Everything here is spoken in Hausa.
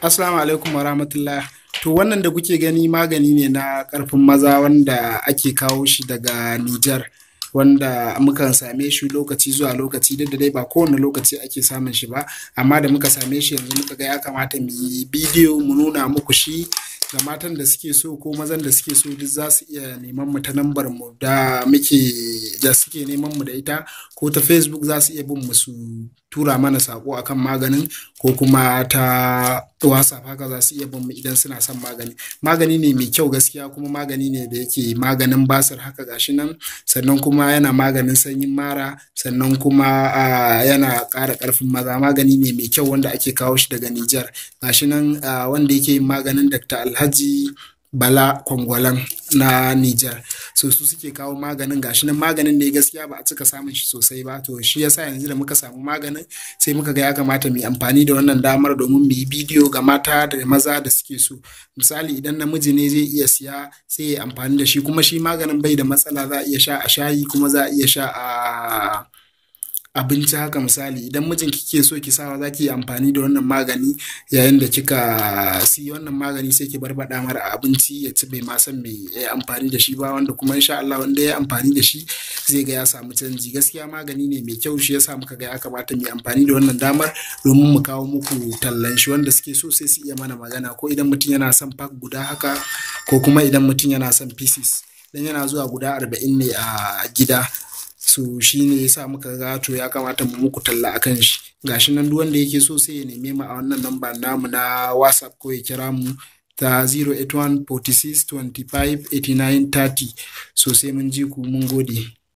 Assalamu alaikum wa rahmatullah. To wannan da kuke gani magani ne na karfin maza wanda ake kawo shi daga Nijar. wanda muka same shi lokaci zuwa lokaci duk da dai ba kowane lokaci ake samun shi ba amma da muka same shi yanzu muka ga ya kamata mu yi bidiyo mu nuna muku shi da matan da suke so ko mazan da suke so duk za su iya neman mu ta nambar mu da muke da suke neman mu da ita ko ta facebook za su iya bin mu su tura mana sako akan maganin ko kuma ta whatsapp haka za su iya bin mu idan suna son magani magani ne mai kyau gaskiya kuma magani ne da yake maganin basir haka gashi nan sannan kuma yana maganin sanyin mara sannan kuma yana ƙara ƙarfin maza magani ne mai kyau wanda ake kawo shi daga Nijar gashi nan wanda yake maganin Dr. alhaji bala kwangwalan na nijar so su suke kawo maganin gashi nan maganin ne gaskiya ba a cika samun shi sosai ba to shi yasa yanzu da muka samu maganin sai muka ga ya kamata mu amfani da wannan damar domin mu yi bidiyo ga mata da maza da suke so misali idan namiji ne zai iya siya sai ya amfani da shi kuma shi maganin bai da matsala za a iya sha a shayi kuma za a iya sha a abinci haka misali idan mijin kike so ki sawa zaki yi amfani da wannan magani yayin da kika si wannan magani sai ki barbada mara abinci ya ci bai ma san me ya amfani da shi ba wanda kuma insha Allah wanda ya amfani da shi zai ga ya samu canji gaskiya magani ne mai kyau shi yasa muka ga ya kamata mu amfani da wannan damar domin mu kawo muku tallan shi wanda suke so sai su iya mana magana ko idan mutum yana son pack guda haka ko kuma idan mutum yana son pieces dan yana zuwa guda arba'in ne a gida su shi ne ya sa muka ga to ya kamata mu muku talla akan shi gashi nan duk wanda yake so sai ya neme mu a wannan lamba namu na whatsapp ko ya kira mu ta 081 46 25 89 30 so sai mun ji ku mun gode